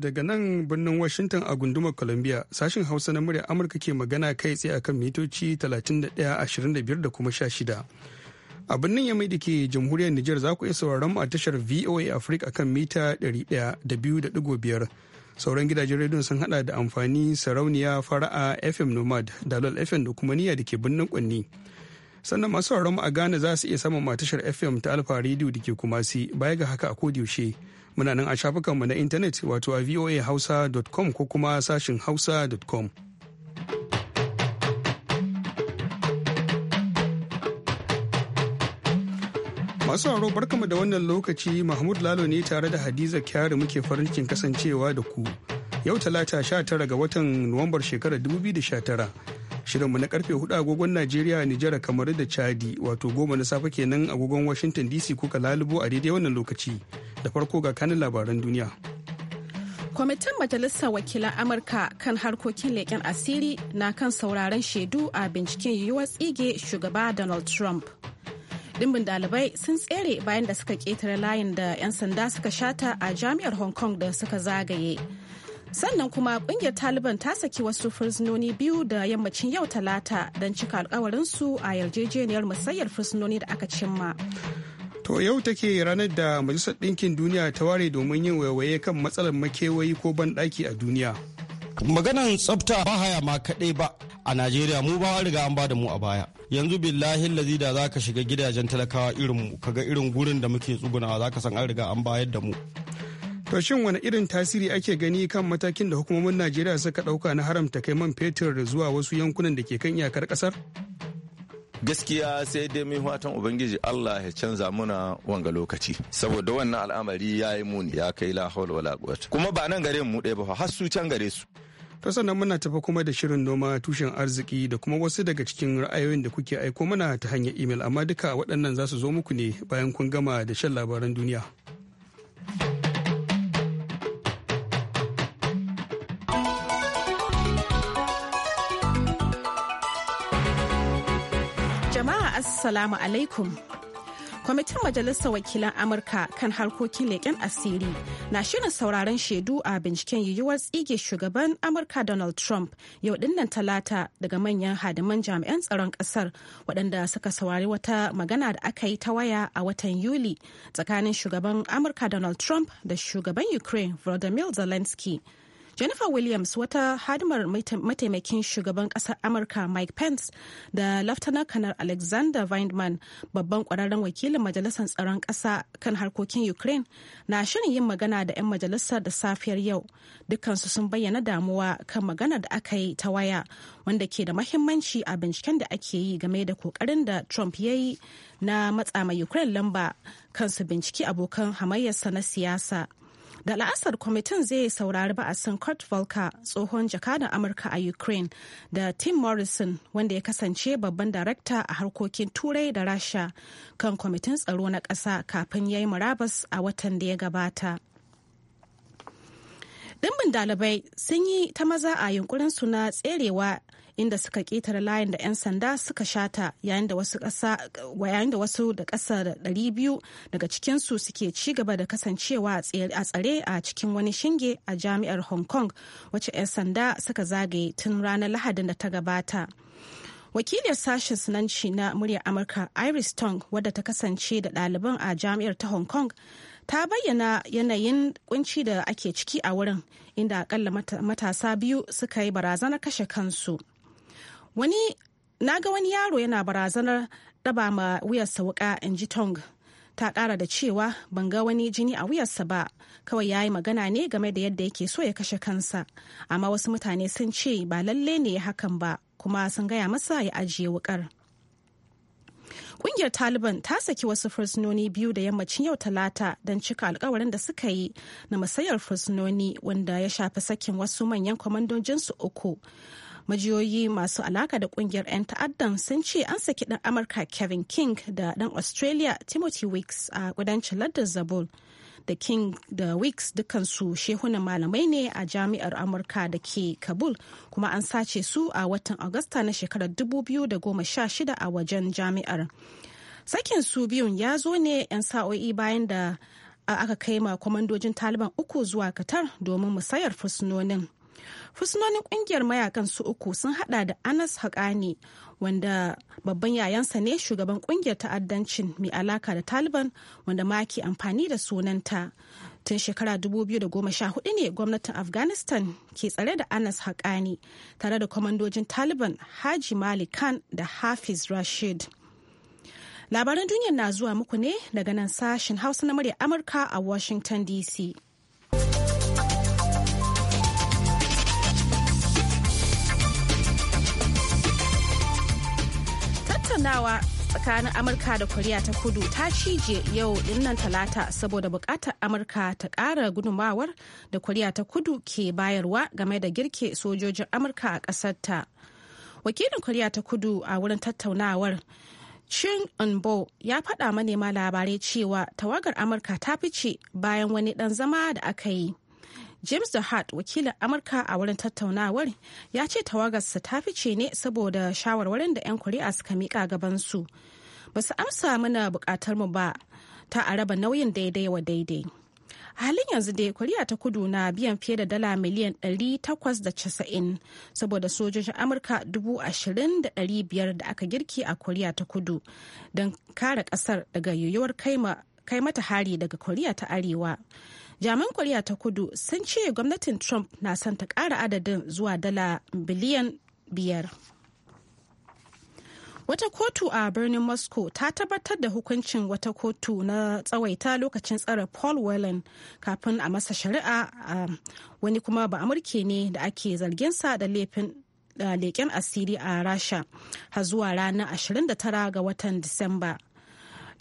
daga nan birnin Washington a gundumar Columbia sashin Hausa na murya Amurka ke magana kai tsaye akan mitoci 31.25 da kuma 16. A birnin Yamai da ke jamhuriyar Nijar za ku iya sauraron a tashar VOA Africa akan mita 100.5. Sauran gidajen rediyon sun hada da amfani sarauniya fara'a FM Nomad, Dalol FM da kuma niyya da ke birnin Kwanni. sannan masu mu a Ghana za su iya samun matashar FM ta Alfa Radio da ke Kumasi baya ga haka a kodiyaushe Muna nan a shafukanmu na intanet wato a voa voahausa.com ko kuma sashin hausa.com. Masu sauraro barkamu da wannan lokaci Mahmud Lalo ne tare da Hadiza Kyari muke farin cikin kasancewa da ku. Yau talata 19 ga watan Nuwambar shekarar 2019. Shirinmu na karfe 4 agogon Najeriya, Nijar, kamar da Chadi wato goma na safe kenan agogon Washington DC kuka lalubo a daidai wannan lokaci. da farko ga kanin labaran duniya kwamitin majalisar wakilan amurka kan harkokin leƙen asiri na kan sauraron shaidu a binciken yiwuwar tsige shugaba donald trump dimbin dalibai sun tsere bayan da suka ƙetare layin da 'yan sanda suka shata a jami'ar hong kong da suka zagaye sannan kuma ƙungiyar taliban ta saki wasu fursunoni biyu da yammacin yau talata don cika alkawarinsu a yarjejeniyar musayyar fursunoni da aka cimma To yau take ranar da Majalisar Ɗinkin Duniya ta ware domin yin waiwaye kan matsalar makewayi ko banɗaki a duniya. Maganan tsafta ba haya ma kaɗai ba a Najeriya mu ba riga an ba da mu a baya. yanzu billahi lazi da za ka shiga gidajen talakawa irin mu ka ga irin gurin da muke tsugunawa za ka san an riga an bayar da mu to shin wani irin tasiri ake gani kan matakin da hukumomin najeriya suka ɗauka na haramta kai man fetur zuwa wasu yankunan da ke kan iyakar ƙasar? gaskiya sai dai mai watan ubangiji Allah ya canza muna wanga lokaci saboda wannan al'amari ya yi muni ya kai lahawar wala kuwata kuma ba nan gare mu ɗaya ba har su can gare su to sannan muna tafi kuma da shirin noma tushen arziki da kuma wasu daga cikin ra'ayoyin da kuke aiko mana ta hanyar imel amma duka waɗannan za su zo muku ne bayan kun gama da shan labaran duniya. Assalamu alaikum. Kwamitin Majalisar Wakilan Amurka kan harkokin leƙen asiri na shirin sauraron shaidu a binciken yiwuwar tsige shugaban Amurka Donald Trump yau dinnan talata daga manyan hadiman jami'an tsaron ƙasar waɗanda suka saurari wata magana da aka yi ta waya a watan Yuli tsakanin shugaban Amurka Donald Trump da shugaban Ukraine Volodymyr Zelensky. jennifer williams wata hadimar mataimakin shugaban ƙasar amurka mike pence da laftanar kanar alexander vindman babban kwararren wakilin majalisar tsaron ƙasa kan harkokin ukraine na shirin yin magana da 'yan majalisar da safiyar yau dukansu sun bayyana damuwa kan maganar da aka yi ta waya wanda ke da mahimmanci a binciken da ake yi game da kokarin da trump ya yi na matsa mai ukraine lamba kansu binciki abokan hamayyarsa na siyasa da la'asar kwamitin zai saurari ba'asin kurt volker tsohon jakadan amurka a ukraine da tim morrison wanda ya kasance babban darakta a harkokin turai da rasha kan kwamitin tsaro na ƙasa kafin ya yi murabas a watan da ya gabata dimbin dalibai sun yi ta maza a yunkurin na tserewa inda suka ƙetare layin da 'yan sanda suka shata yayin da wasu da ƙasa da 200 daga cikinsu suke ci gaba da kasancewa a tsare a cikin wani shinge a jami'ar hong kong wacce 'yan sanda suka zagaye tun ranar lahadin da ta gabata wakiliyar sashen sinanci na muryar amurka iris tong wadda ta kasance da ɗaliban a jami'ar ta hong kong ta bayyana yanayin kunci da ake ciki a wurin inda akalla matasa biyu suka yi barazanar kashe kansu wani na ga wani yaro yana barazanar daba ma wuyarsa wuka in ji tong ta kara da cewa ban ga wani jini a wuyarsa ba kawai ya yi magana ne game da yadda yake so ya kashe kansa amma wasu mutane sun ce ba lalle ne ya hakan ba kuma sun gaya masa ya ajiye wukar Kungiyar Taliban ta saki wasu fursunoni biyu da yammacin yau talata don cika alkawarin da suka yi na musayar fursunoni wanda ya shafi sakin wasu manyan kwamandojinsu uku majiyoyi masu alaka da kungiyar 'yan ta'addan sun ce an saki dan amurka kevin king da dan australia timothy weeks a kudancin lardar zabul da king da weeks dukansu shehunan malamai ne a jami'ar amurka da ke kabul kuma an sace su a watan agusta na shekarar 2016 a wajen jami'ar sakin su biyun ya zo ne 'yan sa'o'i bayan da aka kai ma kwamandojin taliban uku zuwa katar domin musayar fursunonin fusunonin kungiyar mayakan su uku sun hada da anas haƙani wanda babban yayansa ne shugaban kungiyar ta'addancin mai alaka da taliban wanda ma ke amfani da sunanta tun shekara 2014 ne gwamnatin afghanistan ke tsare da anas haƙani tare da kwamandojin taliban haji malik khan da hafiz rashid labaran duniyar na zuwa muku ne daga nan sashen hausa na murya amurka a washington dc tattaunawa tsakanin amurka da koriya ta kudu ta cije yau dinnan talata saboda bukatar amurka ta kara gudumawar da koriya ta kudu ke bayarwa game da girke sojojin amurka a ta wakilin koriya ta kudu a wurin tattaunawar Chin Unbo ya faɗa manema labarai cewa tawagar Amurka ta fice bayan wani ɗan zama da aka yi. James da Hart wakilin Amurka a wurin tattaunawar ya ce tawagarsa ta fice ne saboda shawarwarin da 'yan kuri'a suka miƙa gabansu. Ba su amsa mana buƙatar mu ba ta a raba nauyin daidai wa daidai. halin yanzu dai kuri'a ta kudu na biyan fiye da dala miliyan 890 saboda sojojin Amurka 20,500 da aka girki a kuri'a ta kudu don kare kasar daga yiwuwar kai mata hari daga Koriya ta Arewa. Jaman Koriya ta kudu sun ce gwamnatin Trump na son ta kara adadin zuwa dala biliyan biyar. Wata kotu a birnin Moscow ta tabbatar da hukuncin wata kotu na tsawaita lokacin tsare Paul wellen kafin a masa shari'a um, wani kuma ba amurke ne da ake zargin sa da laifin leƙen asiri a Rasha har zuwa ranar 29 ga watan Disamba.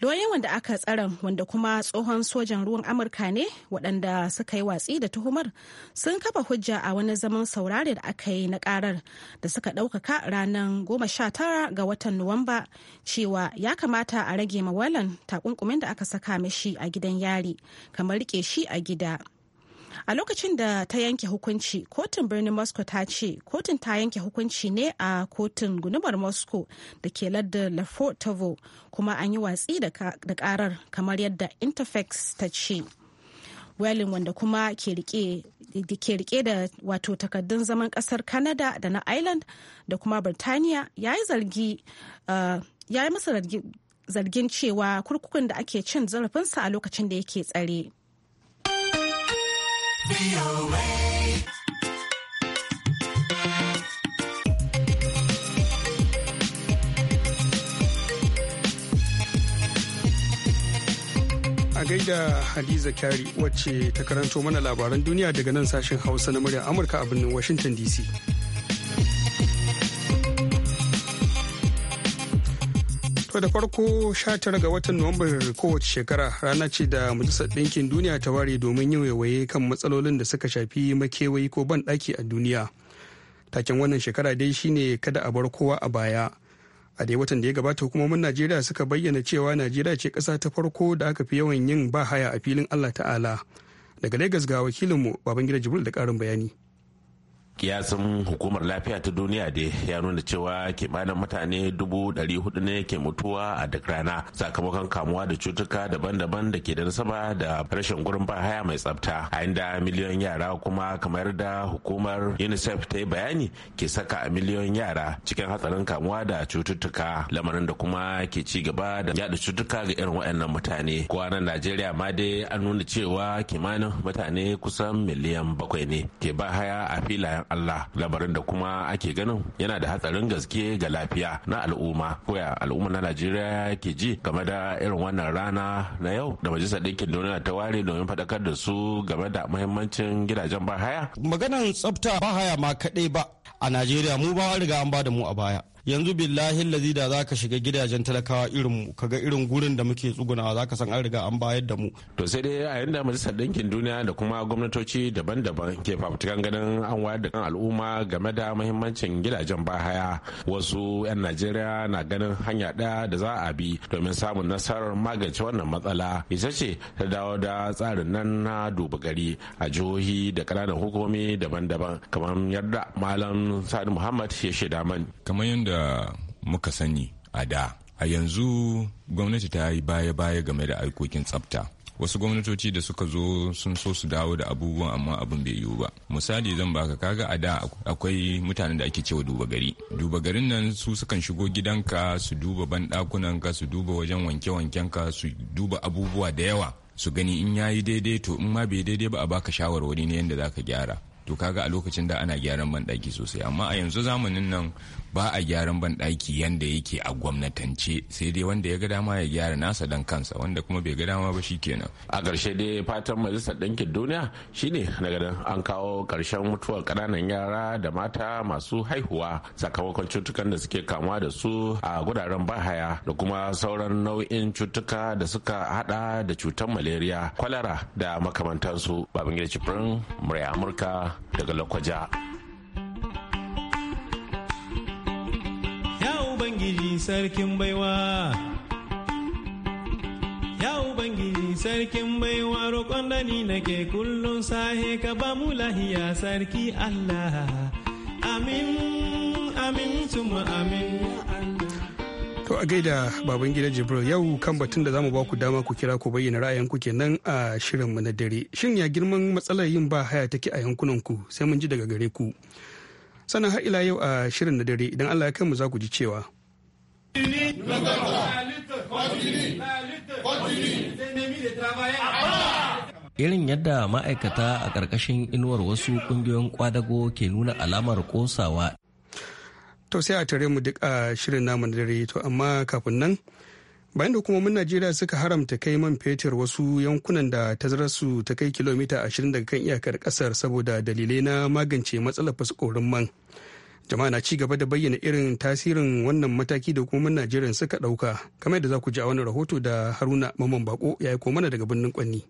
lauyoyin wanda aka tsara wanda kuma tsohon sojan ruwan amurka ne waɗanda suka yi watsi da tuhumar sun kafa hujja a wani zaman saurare da aka yi na karar da suka ɗaukaka ranar 19 ga watan nuwamba cewa ya kamata a rage mawalan takunkumin da aka saka mishi a gidan yari kamar rike shi a gida a lokacin da ta yanke hukunci kotun birnin moscow ta ce kotun ta yanke hukunci ne a kotun gunubar moscow da ke lardar lefortovo kuma an yi watsi da karar kamar yadda interfax ta ce welling wanda kuma ke rike da wato takardun zaman kasar canada da na ireland da kuma birtaniya ya yi zargi uh, ya yi masa zargin cewa kurkukun da ake cin zarafinsa a lokacin da yake tsare A gaida Hadiza Kyari wacce ta karanto mana labaran duniya daga nan sashen Hausa na murya Amurka a birnin Washington DC. To da farko 19 ga watan Nuwambar kowace shekara rana ce da Majalisar Ɗinkin Duniya ta ware domin yin waiwaye kan matsalolin da suka shafi makewayi ko ban ɗaki a duniya. Taken wannan shekara dai shine kada a bar kowa a baya. A dai watan da ya gabata hukumomin Najeriya suka bayyana cewa Najeriya ce ƙasa ta farko da aka fi yawan yin ba haya a filin Allah Ta'ala. Daga Legas ga wakilinmu Babangida Jibril da ƙarin bayani. kiyasin hukumar lafiya ta duniya da ya nuna cewa kimanin mutane dubu ɗari hudu ne ke mutuwa a duk rana sakamakon kamuwa da cutuka daban-daban da ke da nasaba da rashin gurin haya mai tsafta a inda miliyon yara kuma kamar da hukumar unicef ta yi bayani ke saka a miliyon yara cikin hatsarin kamuwa da cututtuka lamarin da kuma ke ci gaba da yada cututtuka ga irin waɗannan mutane kwanan najeriya ma dai an nuna cewa kimanin mutane kusan miliyan bakwai ne ke haya a filayen Allah labarin da kuma ake ganin yana da hatsarin gaske ga lafiya na al'umma koya al'umma na Najeriya ke ji game da irin wannan rana na yau da majalisar ɗinkin duniya ta ware domin faɗakar da su game da muhimmancin gidajen bahaya. Maganar tsafta bahaya ma kaɗai ba a Najeriya mu ba riga an ba da mu a baya. yanzu billahi lazi da zaka shiga gidajen talakawa irin mu kaga irin gurin da muke tsugunawa zaka san an riga an bayar da mu to sai dai a yanda majalisar ɗinkin duniya da kuma gwamnatoci daban-daban ke fafutukan ganin an wayar da kan al'umma game da mahimmancin gidajen bahaya wasu 'yan najeriya na ganin hanya ɗaya da za a bi domin samun nasarar magance wannan matsala ita ce ta dawo da tsarin nan na duba gari a jihohi da ƙananan hukumomi daban-daban kamar yadda malam sani muhammad ya shaida man kamar yadda muka sani a da a yanzu gwamnati ta yi baya-baya game da aikokin tsafta wasu gwamnatoci da suka zo sun so su dawo da abubuwan amma abin bai yiwu ba misali zan baka kaga a da akwai mutanen da ake cewa duba gari duba garin nan su sukan shigo gidanka su duba banɗakunan ka su duba wajen wanke-wanken ka su duba abubuwa da yawa su gani in yayi daidai to in ma bai daidai ba a baka shawarwari ne yadda za ka gyara to kaga a lokacin da ana gyaran banɗaki sosai amma a yanzu zamanin nan ba a gyaran banɗaki yanda yake a gwamnatance sai dai wanda ya ga dama ya gyara nasa dan kansa wanda kuma bai ga dama ba shikenan a ƙarshe dai fatan majalisar ɗinkin duniya shine na an kawo ƙarshen mutuwar ƙananan yara da mata masu haihuwa sakamakon cutukan da suke kamuwa da su a guraren bahaya da kuma sauran nau'in cutuka da suka hada da cutar malaria kwalara da makamantansu babangida cifirin murai amurka daga Lakwaja. Ya Ubangiji sarkin baiwa. Ya Ubangiji sarkin baiwa roƙon da ni nake kullum sahe ka ba mu lahiya sarki Allah. Amin, amin, tuma amin. To a gaida baban gida Jibril yau kan batun da zamu baku dama ku kira ku bayyana ra'ayinku kenan a shirin mu na dare. Shin ya girman matsalar yin ba haya take a yankunan ku sai mun ji daga gare ku. Sannan har ila yau a shirin na dare idan Allah ya kai mu za ku ji cewa. Irin yadda ma'aikata a ƙarƙashin inuwar wasu ƙungiyoyin ƙwadago ke nuna alamar ƙosawa to sai a tare mu duk a shirin namu na dare to amma kafin nan bayan da hukumomin najeriya suka haramta kai man fetur wasu yankunan da tazararsu ta kai kilomita 20 daga kan iyakar kasar saboda dalilai na magance matsalar fasikorin man jama'a na ci gaba da bayyana irin tasirin wannan mataki da hukumomin najeriya suka dauka kamar da za ku ji a wani rahoto da haruna maman bako ya aiko mana daga birnin kwanni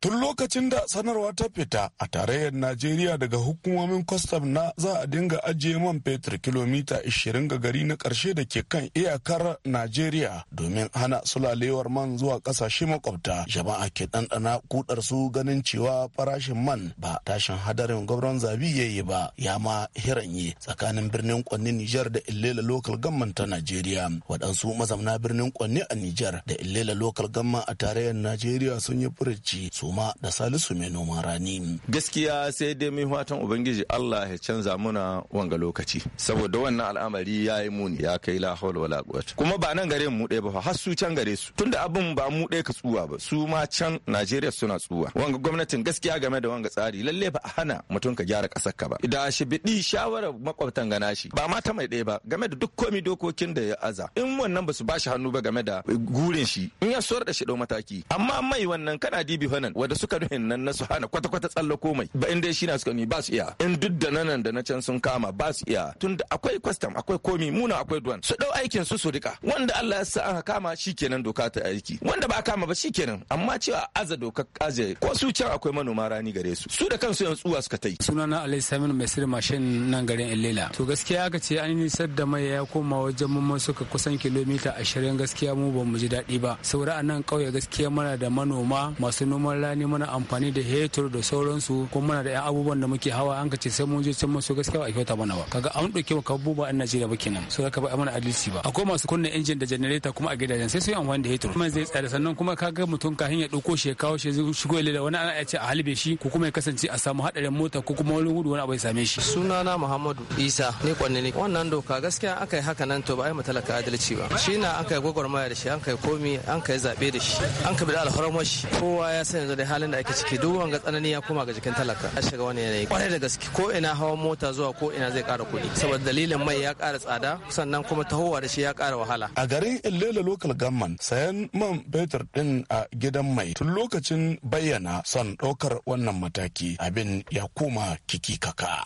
Tun lokacin da sanarwa ta fita a tarayyar Najeriya daga hukumomin kwastam na za a dinga ajiye man fetur kilomita 20 ga gari na ƙarshe da ke kan iyakar Najeriya domin hana sulalewar man zuwa ƙasashe makwabta. Jama'a ke ɗanɗana kudar su ganin cewa farashin man ba tashin hadarin gwamnan zabi ya yi ba ya ma hiranye tsakanin birnin Kwanni Nijar da Ilela Lokal Gamman ta Najeriya. Waɗansu Mazamna birnin Kwanni a Nijar da Ilela Lokal Gamman a tarayyar Najeriya sun yi furici su Suma da Salisu mai noman rani. Gaskiya sai dai mai fatan Ubangiji Allah ya canza muna wanga lokaci saboda wannan al'amari ya yi muni ya kai la wala kuwata. Kuma ba nan gare mu ɗaya ba har su can gare su tunda abin ba mu ɗaya ka tsuwa ba su ma can Najeriya suna tsuwa. Wanga gwamnatin gaskiya game da wanga tsari lalle ba a hana mutum ka gyara ƙasar ka ba. Da shi biɗi shawarar makwabtan gana shi ba ma ta mai ɗaya ba game da duk komi dokokin da ya aza. In wannan ba su ba shi hannu ba game da gurin shi in ya suwar da shi ɗau mataki amma mai wannan kana dibi wannan wanda suka nuhin nan na su hana kwata-kwata tsallako komai. ba inda shi na suka ni ba su iya in duk da nan da na can sun kama ba su iya tunda akwai kwastam akwai komi muna akwai duwan su dau aikin su su rika wanda Allah ya sa aka kama shikenan doka ta aiki wanda ba kama ba shikenan amma cewa aza doka aje ko su can akwai manoma rani gare su su da kansu yanzu uwa suka tai sunana Alai Saminu mai sirri mashin nan garin Ilila to gaskiya aka ce an nisar da mai ya koma wajen mun suka kusan kilomita 20 gaskiya mu ba mu ji daɗi ba saura anan kauye gaskiya muna da manoma masu noman rani muna amfani da hetur da sauransu kuma muna da 'yan abubuwan da muke hawa an ka ce sai mun je can masu gaskiya ba a kyauta mana ba kaga an dauke mu kabu ba an Najeriya ba kenan so ka ba mana adalci ba akwai masu kunna injin da generator kuma a gidajen sai su yi amfani da hetur kuma zai tsare sannan kuma kaga mutum ka ya dauko shi ya kawo shi shigo da wani ana ce a halbe shi ko kuma ya kasance a samu hadarin mota ko kuma wani gudu wani abu ya same shi sunana Muhammadu Isa ne kwanne ne wannan doka gaskiya aka yi haka nan to ba ai matalaka adalci ba shi na aka yi gwagwarmaya da shi an kai komi an kai zabe da shi an ka bi da alhormar shi kowa ya sani da halin da ake ciki duk wanga tsanani ya koma ga jikin talaka ya shiga wani yanayi kwarai da gaske ko ina hawan mota zuwa ko ina zai kara kuɗi saboda dalilin mai ya kara tsada sannan kuma tahowa da shi ya kara wahala a garin illela local gamman. sayan man fetur din a gidan mai tun lokacin bayyana son ɗaukar wannan mataki abin ya koma kiki kaka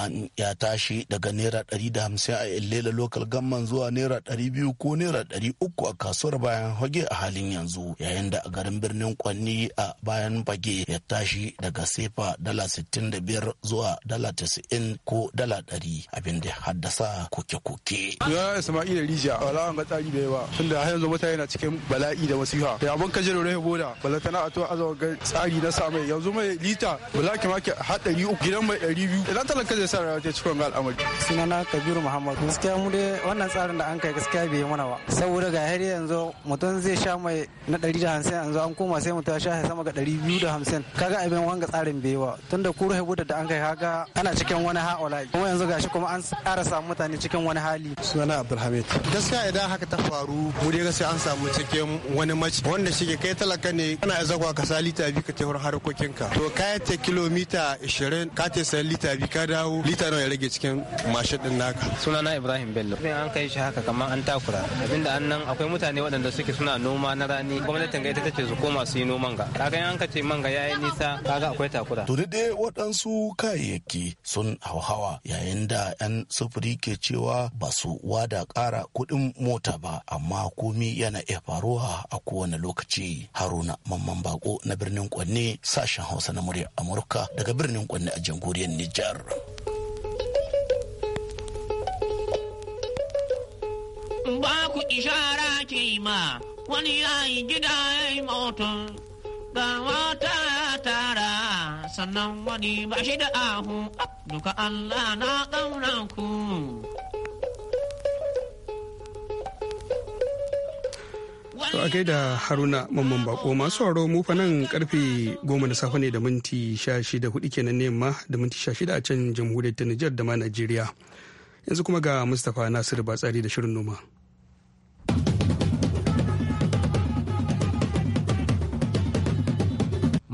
man ya tashi daga naira ɗari da hamsin a illela lokal gamman zuwa naira ɗari biyu ko naira ɗari uku a kasuwar bayan hage a halin yanzu yayin da a garin birnin kwanni a bayan bage ya tashi daga sefa dala sittin da biyar zuwa dala tasa'in ko dala ɗari abin da haddasa koke-koke. ya isma'ila rija wala an ga tsari da yawa tunda har yanzu mutane na cikin bala'i da masiha. da abin kaje da rahe boda tana a to azawa ga tsari na samai yanzu mai lita bala kama ke haɗari uku gidan mai ɗari biyu idan talaka zai sa rawa cikon ga al'amari sunana kabiru muhammad gaskiya mu dai wannan tsarin da an kai gaskiya bai mana ba saboda ga har yanzu mutum zai sha mai na ɗari da hamsin yanzu an koma sai mutum ya sha sama ga ɗari biyu da Ka kaga abin wanga tsarin bai yi ba tunda ko rahe da an kai kaga ana cikin wani ha'ula kuma yanzu gashi kuma an ƙara samu mutane cikin wani hali sunana abdulhamid gaskiya idan haka ta faru mu dai gaskiya an samu cikin wani mace wanda shi kai talaka ne kana zagwa ka sa lita biyu ka tafiyar harkokinka to ka ta kilomita 20 ka ta sa lita biyu ka dawo dawo lita nawa ya rage cikin mashin din naka sunana ibrahim bello bin an kai shi haka kamar an takura abinda an nan akwai mutane waɗanda suke suna noma na rani gwamnatin gaita ta ce su koma su yi noman ga kaga an ka ce manga yayi nisa kaga akwai takura to dai waɗansu kayayyaki sun hauhawa yayin da yan sufuri ke cewa ba su wada ƙara kuɗin mota ba amma komi yana iya faruwa a kowane lokaci haruna mamman bako na birnin kwanne sashen hausa na murya amurka daga birnin kwanne a jamhuriyar nijar ba ku ishara ke ma wani yayi gida ya yi mutum ga mata ya tara sannan wani ba shi da ahu duka Allah na ɗaunanku. ku. To a gaida Haruna Mamman Bako masu haro mu nan karfe goma da safe ne da minti shida hudu kenan ne ma da minti shida a can jamhuriyar ta Nijar da ma Najeriya. Yanzu kuma ga Mustapha Nasiru Batsari da shirin noma.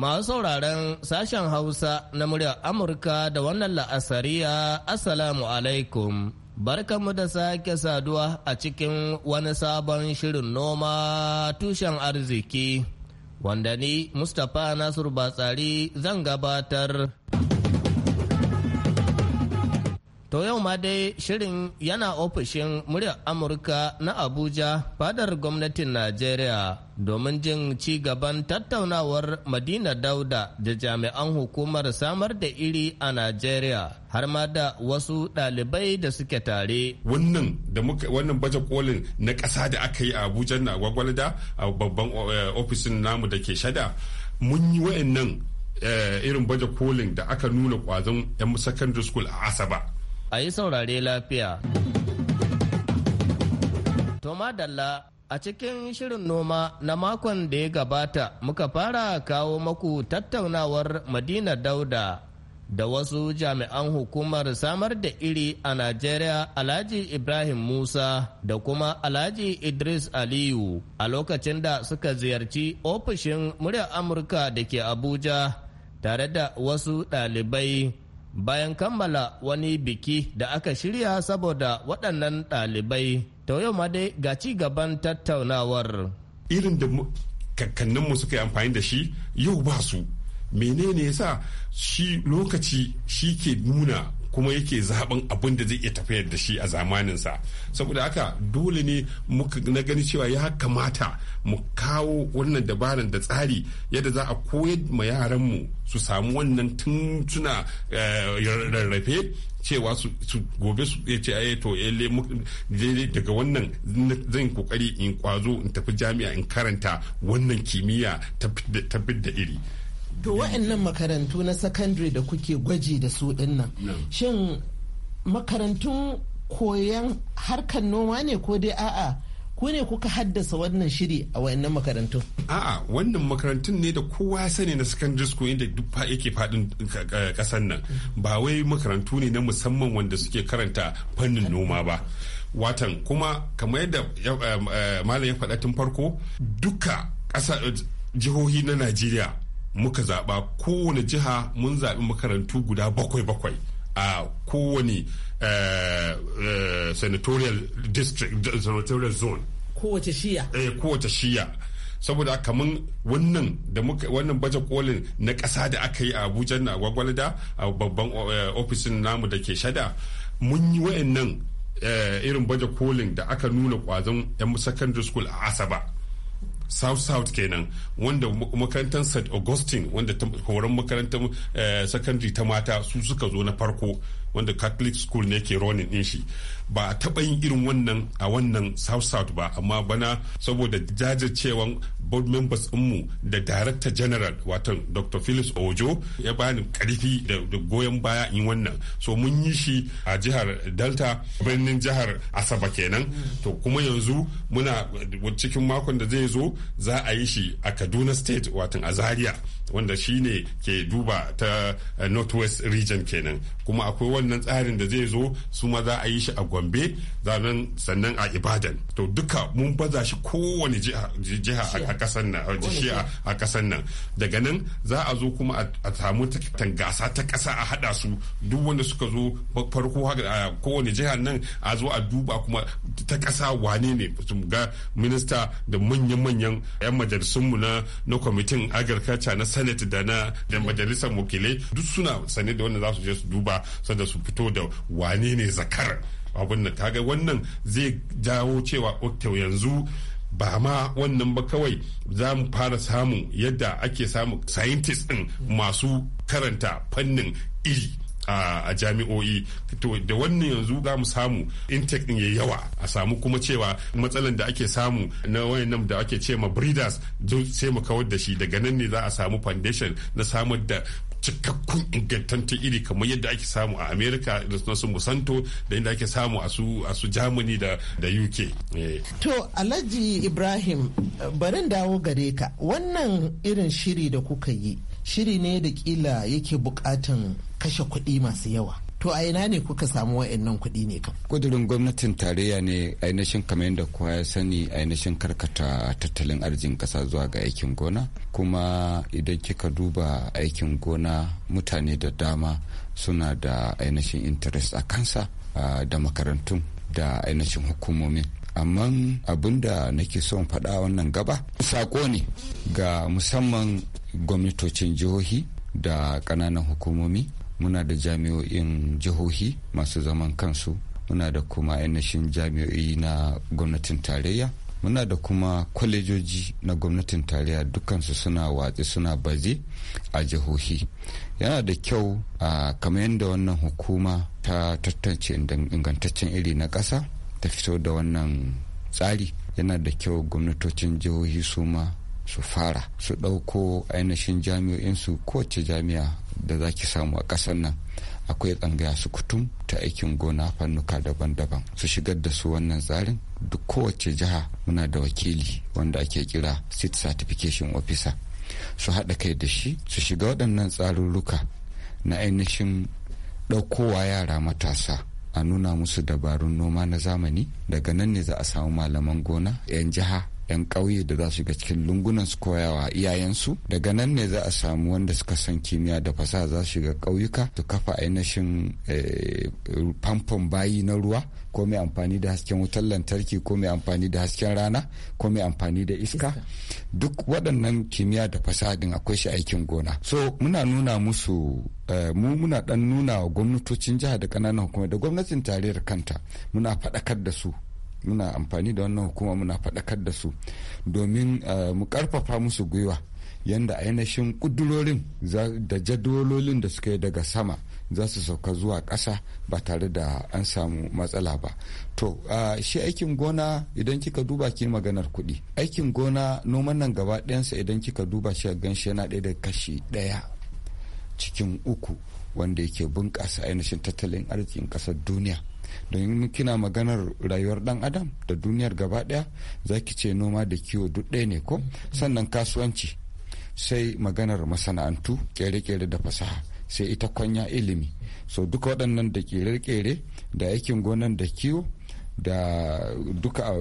Masu sauraron sashen Hausa na muryar Amurka da wannan la'asariya Assalamu alaikum. Barkanmu da sake saduwa a cikin wani sabon shirin noma tushen arziki, wanda ni Mustapha Nasiru Batsari zan gabatar. To yau ma dai shirin yana ofishin muryar Amurka na Abuja fadar gwamnatin Najeriya domin jin ci gaban tattaunawar Madina Dauda da jami'an hukumar samar da iri a Najeriya har ma da wasu ɗalibai da suke tare. Wannan da baje kolin na ƙasa da aka yi a Abuja na gwagwalda a babban eh, ofishin namu da ke shada mun yi wa'annan eh, irin baje kolin da aka nuna kwazon 'yan secondary school a Asaba. a yi saurare lafiya. Toma Dalla a cikin shirin noma na makon da ya gabata muka fara kawo maku tattaunawar Madina Dauda da wasu jami'an hukumar samar da iri a Najeriya Alhaji Ibrahim Musa da kuma Alhaji Idris Aliyu a lokacin da suka ziyarci ofishin murya Amurka da ke Abuja tare da wasu ɗalibai. bayan kammala wani biki da aka shirya saboda waɗannan ɗalibai ta yau ma dai ga ci gaban tattaunawar irin da kakanninmu suka yi amfani da shi yau ba su menene yasa shi lokaci shi ke nuna kuma yake zaben abin da zai iya tafiyar da shi a zamaninsa saboda haka dole ne na gani cewa ya kamata mu kawo wannan dabaran da tsari yadda za a koyar ma yaran mu su samu wannan tun suna eh, rarrafe cewa su gobe su ya ce aye to ele eh, daga wannan zan kokari in kwazo in tafi jami'a in karanta wannan kimiyya ta da iri to wa'annan makarantu na secondary da kuke gwaji da su nan. shin makarantun koyan harkar noma ne ko dai a'a ku ne kuka haddasa wannan shiri a wa'annan makarantun a'a wannan makarantun ne da kowa ya sani na secondary school inda duk yake fadin ƙasar nan ba wai makarantu ne na musamman wanda suke karanta fannin noma ba watan kuma kamar yadda eh, eh, malam ya faɗa tun farko duka jihohi na najeriya muka zaɓa kowane jiha mun zaɓi makarantu guda bakwai-bakwai a kowane eh, eh, senatorial district senatorial zone kowace shiya eh kowace shiya saboda kamar wannan da muka wannan baje kolin na ƙasa da aka yi a abuja na gwagwalda a babban eh, ofisin namu da ke shada mun yi wayannan irin baje kolin da aka nuna kwazon 'yan secondary school a asaba south south kenan wanda makarantar st augustine wanda horon makarantar eh, secondary ta mata su suka zo na farko wanda catholic school ne ke ronin din shi ba a taɓa yin irin wannan a wannan south south ba amma bana saboda jajircewan board members mu da director general watan dr phillips ojo ya bani karfi da goyon baya in wannan so mun yi shi a jihar delta birnin jihar asaba kenan to kuma yanzu muna cikin makon da zai zo za a yi shi a kaduna state watan a zaria wanda shi ne ke duba ta eh, northwest region kenan kuma akwai wannan tsarin da zai zo su ma za a yi shi a gombe sannan a ibadan to duka mun baza shi kowane jiha a kasan nan a kasan nan daga nan za a zo kuma a samu tangasa ta kasa a hada su duk wanda suka zo farko a kowane jiha nan a zo a duba kuma ta kasa wane ne ga minista da manyan-manyan 'yan majalisunmu na kwamitin agriculture na senate da na da majalisar wakilai duk suna sane da wannan za su je su duba sanda su fito da wane ne zakar abin da kaga wannan zai jawo cewa okto yanzu ba ma wannan ba kawai za mu fara samun yadda ake samu scientist din masu karanta fannin iri a jami'o'i to da wannan yanzu za mu samu intake din yi yawa a samu kuma cewa matsalan da ake samu na wayannan da ake ce ma breeders sai mu kawar da shi daga nan ne za a samu foundation na samar da cikakkun ingantattun iri kamar yadda ake samu a america da su musanto da inda ake samu a su germany da uk eh. to alhaji ibrahim barin dawo gare ka wannan irin shiri da kuka yi shiri ne da kila yake bukatan kashe kuɗi masu yawa to a ina ne kuka samu wa'annan kuɗi ne kam kudurin gwamnatin tarayya ne ainihin kamar yadda kowa ya sani ainihin karkata tattalin arzikin ƙasa zuwa ga aikin gona kuma idan kika duba aikin gona mutane da dama suna da ainihin interest a kansa da makarantun da ainihin hukumomin amma abin da nake son faɗa wannan gaba sako ne ga musamman gwamnatocin jihohi da ƙananan hukumomi muna da jami'o'in jihohi masu zaman kansu muna da kuma ainihin jami'o'i na gwamnatin tarayya muna da kuma kwalejoji na gwamnatin tarayya dukansu suna watsi suna bazi a jihohi yana da kyau a kamar yadda wannan hukuma ta tattance ingantaccen iri na ƙasa ta fito da wannan tsari yana da kyau gwamnatocin jihohi su ma su fara su ɗauko ainihin jami'o'insu kowace jami'a da za ki samu a ƙasar nan akwai tsangaya su kutum ta aikin gona fannuka daban-daban su shigar da su wannan tsarin duk kowace jiha muna da wakili wanda ake kira state certification officer su haɗa kai da shi su shiga waɗannan tsarurruka na ainihin ɗaukowa yara matasa a nuna musu dabarun noma na zamani daga nan ne za a samu malaman gona 'yan jiha 'yan ƙauye da za su shiga cikin lungunan su koyawa iyayensu daga nan ne za a samu wanda suka san kimiyya da fasaha za su shiga ƙauyuka su kafa ainihin eh, famfon bayi na ruwa ko mai amfani da hasken wutar lantarki ko mai amfani da hasken rana ko mai amfani da iska duk waɗannan kimiyya da fasaha din akwai shi aikin gona so muna nuna musu eh, mu muna dan nuna wa gwamnatocin jiha da kananan hukumar da gwamnatin tarayyar kanta muna faɗakar da su muna amfani da wannan hukuma muna faɗakar da su domin eh, mu karfafa musu gwiwa yanda ainihin kudurorin da jadololin da suka yi daga sama za su sauka zuwa ƙasa ba tare da an samu matsala ba to shi aikin gona idan kika duba ki maganar kuɗi aikin gona noman nan gaba ɗayansa idan kika duba shi gan shi yana ɗaya da kashi ɗaya cikin uku wanda yake bunƙasa ainihin tattalin arzikin ƙasar duniya don kina maganar rayuwar dan adam da duniyar gaba daya za ki ce noma da kiwo duk ɗaya ne ko sannan kasuwanci sai maganar masana'antu kere-kere da fasaha sai ita kwanya ilimi so duka waɗannan da kere-kere da aikin gonan da kiwo da duka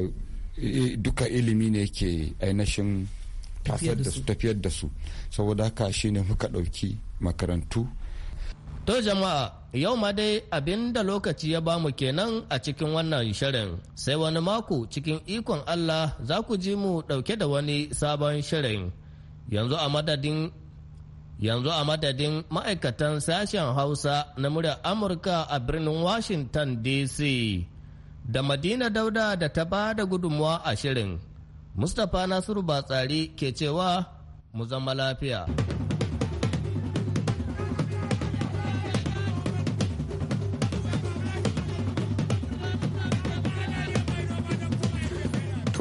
eh, ilimi ne ke ainihin tafiyar da su saboda haka shine muka ɗauki makarantu To jama'a yau ma dai abin da lokaci ya bamu kenan a cikin wannan shirin sai wani mako cikin ikon Allah za ku ji mu ɗauke da wani sabon shirin yanzu a madadin yanzu a madadin ma'aikatan sashen hausa na muryar amurka a birnin washington dc da madina dauda da ta ba da gudunmuwa a shirin mustapha nasiru batsari ke cewa mu zama lafiya.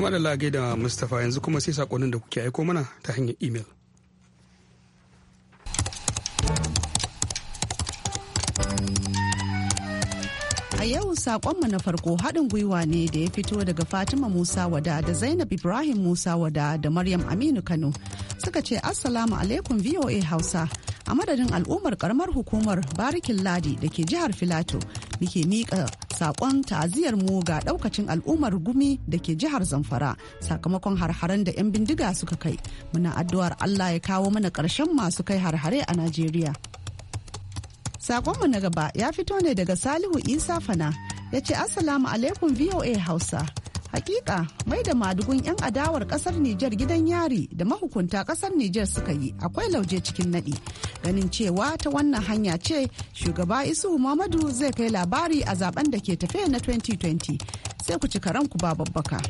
kuma da lagai da mustapha yanzu kuma sai sakonin da kuke aiko mana ta hanyar imel. A yau saƙonmu na farko haɗin gwiwa ne da ya fito daga Fatima Musa Wada da Zainab Ibrahim Musa Wada da Maryam Aminu Kano suka ce Assalamu alaikum VOA Hausa. a madadin al'ummar karamar hukumar barikin ladi da ke jihar filato muke miƙa saƙon ta'aziyar mu ga ɗaukacin al'ummar gumi da ke jihar zamfara sakamakon harharen da 'yan bindiga suka kai muna addu'ar allah ya kawo mana ƙarshen masu kai harhare a najeriya saƙonmu na gaba ya fito ne daga salihu isa fana ya ce assalamu alaikum voa hausa Hakika mai da madugun 'yan adawar kasar Nijar gidan yari da mahukunta kasar Nijar suka yi akwai lauje cikin naɗi. Ganin cewa ta wannan hanya ce shugaba Isu Muhammadu zai kai labari a zaben da ke tafe na 2020 sai ku ci karanku ba babbaka.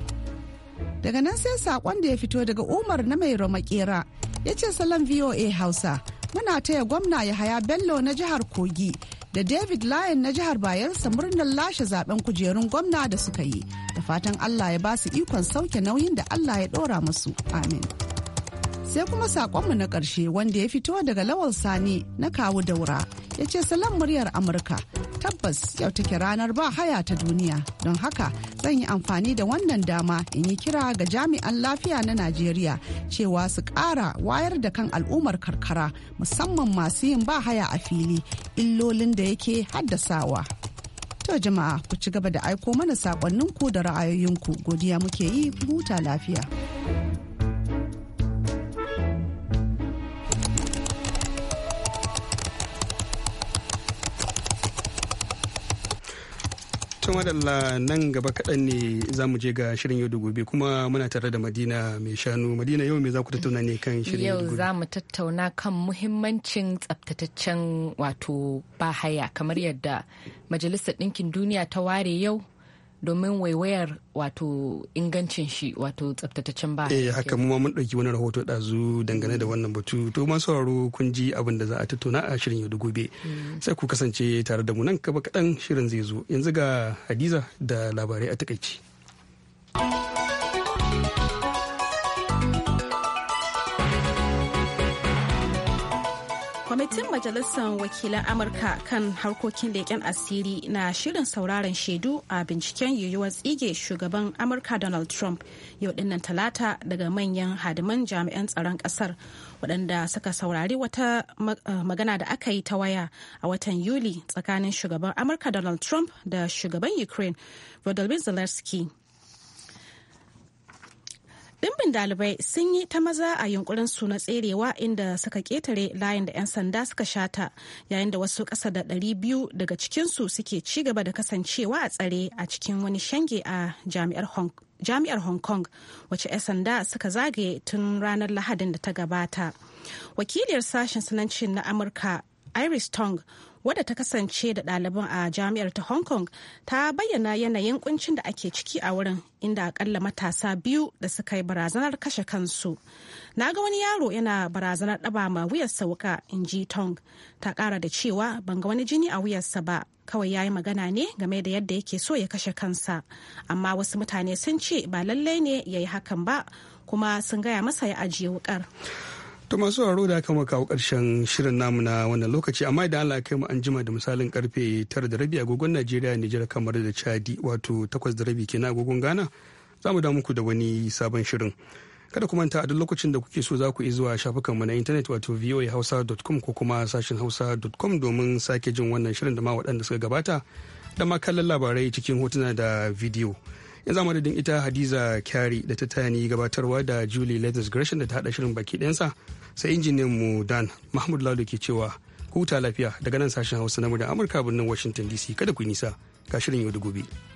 Daga nan sai saƙon da ya fito daga Umar na mai makera ya ce salon VOA Hausa muna taya gwamna ya haya Bello na jihar Kogi da david lyon na jihar bayelsa murnar lashe zaben kujerun gwamna da suka yi da fatan allah ya ba su ikon sauke nauyin da allah ya ɗora masu amin sai kuma sakonmu na ƙarshe wanda ya fito daga lawal sani na kawu daura ya ce salon muryar amurka tabbas yau take ranar ba haya ta duniya don haka zan yi amfani da wannan dama in yi kira ga jami'an lafiya na najeriya cewa su ƙara wayar da kan al'ummar karkara musamman masu yin ba haya a fili illolin da yake haddasawa to jama'a ku ci gaba da aiko mana sakonninku da ra'ayoyinku godiya muke yi huta lafiya to madalla nan gaba kaɗan ne za mu je ga shirin yau da gobe kuma muna tare da madina mai shanu madina yau me za ku tattauna ne kan shirin yau za mu tattauna kan muhimmancin tsabtataccen wato bahaya kamar yadda majalisar ɗinkin duniya ta ware yau domin waiwayar wato ingancin shi wato tsaftataccen ba. Eh haka mu mun ɗauki wani rahoto ɗazu dangane da wannan batu to masu sauraro kun ji abin da za a tattauna a shirin yau da gobe mm. sai ku kasance tare da mu nan kaba kaɗan shirin zai zo yanzu ga Hadiza da labarai a takaici. kwamitin majalisar wakilan amurka kan harkokin leƙen asiri na shirin sauraron shaidu a binciken yiwuwar tsige shugaban amurka donald trump yau dinnan talata daga manyan hadiman jami'an tsaron kasar waɗanda suka saurari wata eh, magana da aka yi ta waya a watan yuli tsakanin shugaban amurka donald trump da shugaban ukraine volodymyr zelensky Dimbin dalibai sun yi ta maza a yunkurin su na tserewa inda suka ketare layin da 'yan sanda suka shata yayin da wasu ƙasa da ɗari biyu daga cikinsu suke ci gaba da kasancewa a tsare a cikin wani shange a jami'ar Hong jami'ar hong kong wacce 'yan sanda suka zagaye tun ranar lahadin da ta gabata wakiliyar sashen sanancin na amurka iris tong wadda ta kasance da ɗaliban a jami'ar ta Hong Kong ta bayyana yanayin kuncin da ake ciki a wurin inda akalla matasa biyu da suka yi barazanar kashe kansu. Na ga wani yaro yana barazanar ɗaba ma wuyarsa wuka in ji Tong ta ƙara da cewa ban ga wani jini a wuyarsa ba kawai ya yi magana ne game da yadda yake so ya kashe kansa amma wasu mutane sun ce ba lallai ne ya yi hakan ba kuma sun gaya masa ya ajiye wukar. To masu sauraro da aka maka kawo karshen shirin namu na wannan lokaci amma idan Allah kai mu an jima da misalin karfe tara da rabi agogon Najeriya Nijar kamar da Chadi wato 8 da rabi kenan agogon Ghana za mu da muku da wani sabon shirin. Kada ku manta a duk lokacin da kuke so za ku zuwa shafukan mu na intanet wato voahausa.com ko kuma sashin hausa.com domin sake jin wannan shirin da ma waɗanda suka gabata da ma kallon labarai cikin hotuna da bidiyo. yanzu a madadin ita hadiza kyari da ta tani gabatarwa da julie letters gresham da ta hada shirin baki ɗansa sai injiniyan mu dan mahmud lalo ke cewa huta lafiya daga nan sashen hausa na murya amurka birnin washington dc kada ku nisa ga shirin yau da gobe.